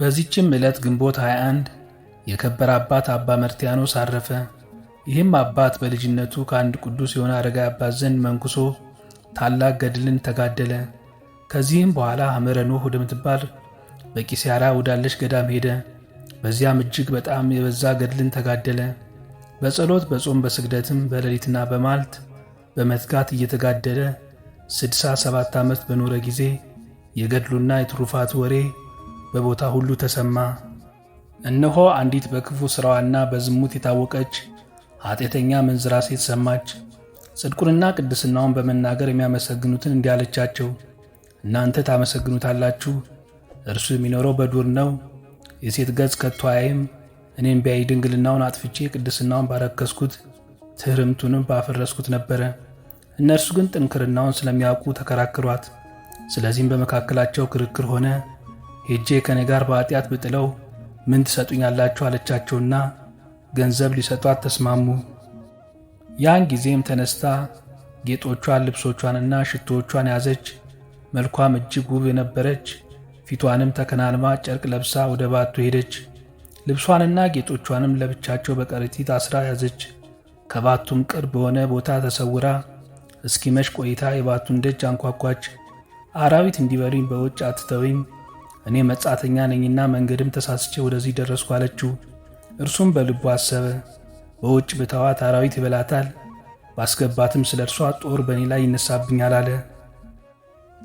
በዚችም ዕለት ግንቦት 21 የከበረ አባት አባ መርትያኖስ አረፈ። ይህም አባት በልጅነቱ ከአንድ ቅዱስ የሆነ አረጋዊ አባት ዘንድ መንኩሶ ታላቅ ገድልን ተጋደለ። ከዚህም በኋላ ሐመረ ኖህ ወደምትባል በቂሲያራ ወዳለች ገዳም ሄደ። በዚያም እጅግ በጣም የበዛ ገድልን ተጋደለ። በጸሎት በጾም በስግደትም በሌሊትና በማልት በመትጋት እየተጋደለ ስድሳ ሰባት ዓመት በኖረ ጊዜ የገድሉና የትሩፋቱ ወሬ በቦታ ሁሉ ተሰማ። እነሆ አንዲት በክፉ ሥራዋና በዝሙት የታወቀች ኃጢአተኛ መንዝራ ሴት ሰማች። ጽድቁንና ቅድስናውን በመናገር የሚያመሰግኑትን እንዲያለቻቸው እናንተ ታመሰግኑታላችሁ፣ እርሱ የሚኖረው በዱር ነው፣ የሴት ገጽ ከቶ አያይም። እኔም ቢያይ ድንግልናውን አጥፍቼ ቅድስናውን ባረከስኩት ትሕርምቱንም ባፈረስኩት ነበረ። እነርሱ ግን ጥንክርናውን ስለሚያውቁ ተከራክሯት። ስለዚህም በመካከላቸው ክርክር ሆነ። ሄጄ ከኔ ጋር በኃጢአት ብጥለው ምን ትሰጡኛላችሁ አለቻቸውና ገንዘብ ሊሰጧት ተስማሙ። ያን ጊዜም ተነስታ ጌጦቿን፣ ልብሶቿንና ሽቶዎቿን ያዘች። መልኳም እጅግ ውብ የነበረች ፊቷንም ተከናንማ ጨርቅ ለብሳ ወደ ባቱ ሄደች። ልብሷንና ጌጦቿንም ለብቻቸው በከረጢት አስራ ያዘች። ከባቱም ቅርብ በሆነ ቦታ ተሰውራ እስኪመሽ ቆይታ የባቱን ደጅ አንኳኳች። አራዊት እንዲበሉኝ በውጭ አትተውኝ እኔ መጻተኛ ነኝና መንገድም ተሳስቼ ወደዚህ ደረስኩ አለችው። እርሱም በልቡ አሰበ። በውጭ ብተዋት አራዊት ይበላታል፣ ባስገባትም ስለ እርሷ ጦር በእኔ ላይ ይነሳብኛል አለ።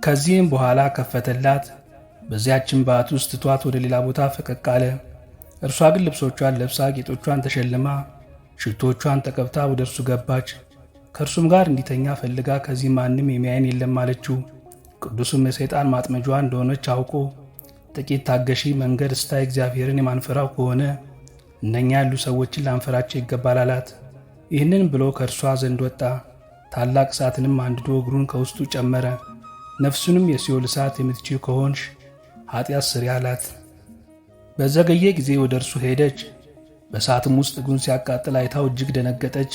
ከዚህም በኋላ ከፈተላት። በዚያችን በዓት ውስጥ ትቷት ወደ ሌላ ቦታ ፈቀቅ አለ። እርሷ ግን ልብሶቿን ለብሳ ጌጦቿን ተሸልማ ሽቶቿን ተቀብታ ወደ እርሱ ገባች። ከእርሱም ጋር እንዲተኛ ፈልጋ ከዚህ ማንም የሚያይን የለም አለችው። ቅዱሱም የሰይጣን ማጥመጇ እንደሆነች አውቆ ጥቂት ታገሺ። መንገድ ስታይ እግዚአብሔርን የማንፈራው ከሆነ እነኛ ያሉ ሰዎችን ላንፈራቸው ይገባል አላት። ይህንን ብሎ ከእርሷ ዘንድ ወጣ። ታላቅ እሳትንም አንድዶ እግሩን ከውስጡ ጨመረ። ነፍሱንም የሲኦል እሳት የምትችው ከሆንሽ ኃጢአት ስሪ አላት። በዘገየ ጊዜ ወደ እርሱ ሄደች። በእሳትም ውስጥ እግሩን ሲያቃጥል አይታው እጅግ ደነገጠች።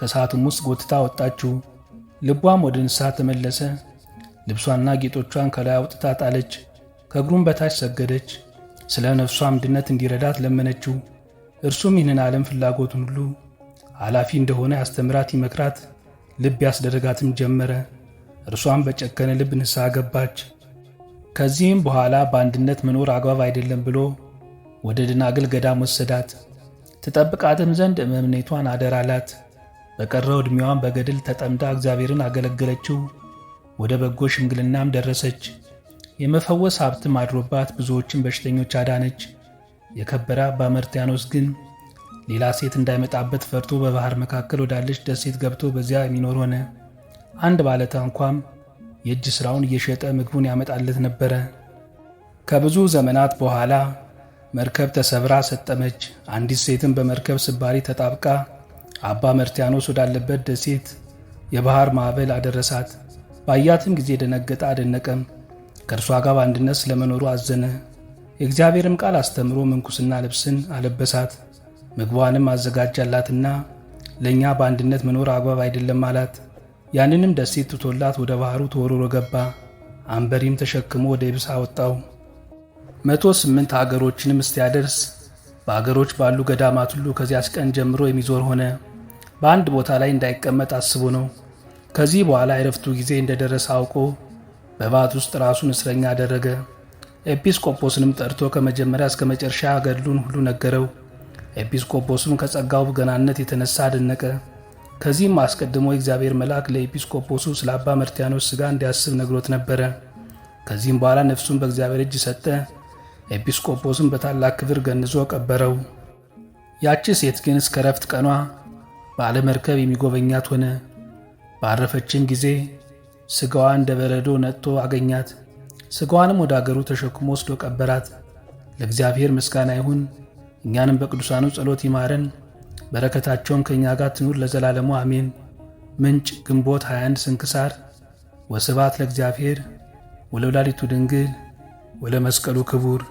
ከእሳትም ውስጥ ጎትታ ወጣችው። ልቧም ወደ ንስሐ ተመለሰ። ልብሷና ጌጦቿን ከላይ አውጥታ ጣለች። ከእግሩም በታች ሰገደች። ስለ ነፍሷ አምድነት እንዲረዳት ለመነችው። እርሱም ይህንን ዓለም ፍላጎትን ሁሉ ኃላፊ እንደሆነ ያስተምራት፣ ይመክራት፣ ልብ ያስደረጋትም ጀመረ። እርሷም በጨከነ ልብ ንስሐ ገባች። ከዚህም በኋላ በአንድነት መኖር አግባብ አይደለም ብሎ ወደ ደናግል ገዳም ወሰዳት። ትጠብቃትም ዘንድ እመምኔቷን አደራላት። በቀረው ዕድሜዋን በገድል ተጠምዳ እግዚአብሔርን አገለገለችው። ወደ በጎ ሽምግልናም ደረሰች። የመፈወስ ሀብት ማድሮባት ብዙዎችን በሽተኞች አዳነች። የከበረ አባ መርትያኖስ ግን ሌላ ሴት እንዳይመጣበት ፈርቶ በባህር መካከል ወዳለች ደሴት ገብቶ በዚያ የሚኖር ሆነ። አንድ ባለታንኳም የእጅ ሥራውን እየሸጠ ምግቡን ያመጣለት ነበረ። ከብዙ ዘመናት በኋላ መርከብ ተሰብራ ሰጠመች። አንዲት ሴትም በመርከብ ስባሪ ተጣብቃ አባ መርትያኖስ ወዳለበት ደሴት የባህር ማዕበል አደረሳት። ባያትም ጊዜ ደነገጠ፣ አደነቀም። ከእርሷ ጋር በአንድነት ስለመኖሩ አዘነ። የእግዚአብሔርም ቃል አስተምሮ ምንኩስና ልብስን አለበሳት፣ ምግቧንም አዘጋጃላትና ለእኛ በአንድነት መኖር አግባብ አይደለም አላት። ያንንም ደሴት ትቶላት ወደ ባህሩ ተወርሮ ገባ። አንበሪም ተሸክሞ ወደ ይብስ አወጣው። መቶ ስምንት አገሮችንም እስቲያደርስ በአገሮች ባሉ ገዳማት ሁሉ ከዚያስ ቀን ጀምሮ የሚዞር ሆነ። በአንድ ቦታ ላይ እንዳይቀመጥ አስቦ ነው። ከዚህ በኋላ የረፍቱ ጊዜ እንደደረሰ አውቆ በባት ውስጥ ራሱን እስረኛ አደረገ። ኤጲስቆጶስንም ጠርቶ ከመጀመሪያ እስከ መጨረሻ ገድሉን ሁሉ ነገረው። ኤጲስቆጶስም ከጸጋው ገናነት የተነሳ አደነቀ። ከዚህም አስቀድሞ የእግዚአብሔር መልአክ ለኤጲስቆጶሱ ስለ አባ መርቲያኖስ ሥጋ እንዲያስብ ነግሮት ነበረ። ከዚህም በኋላ ነፍሱን በእግዚአብሔር እጅ ሰጠ። ኤጲስቆጶስም በታላቅ ክብር ገንዞ ቀበረው። ያቺ ሴት ግን እስከ ረፍት ቀኗ ባለመርከብ የሚጎበኛት ሆነ። ባረፈችም ጊዜ ሥጋዋ እንደ በረዶ ነጥቶ አገኛት። ሥጋዋንም ወደ አገሩ ተሸክሞ ወስዶ ቀበራት። ለእግዚአብሔር ምስጋና ይሁን፣ እኛንም በቅዱሳኑ ጸሎት ይማረን፣ በረከታቸውም ከእኛ ጋር ትኑር ለዘላለሙ አሜን። ምንጭ ግንቦት 21 ስንክሳር። ወስብሐት ለእግዚአብሔር ወለወላዲቱ ድንግል ወለመስቀሉ ክቡር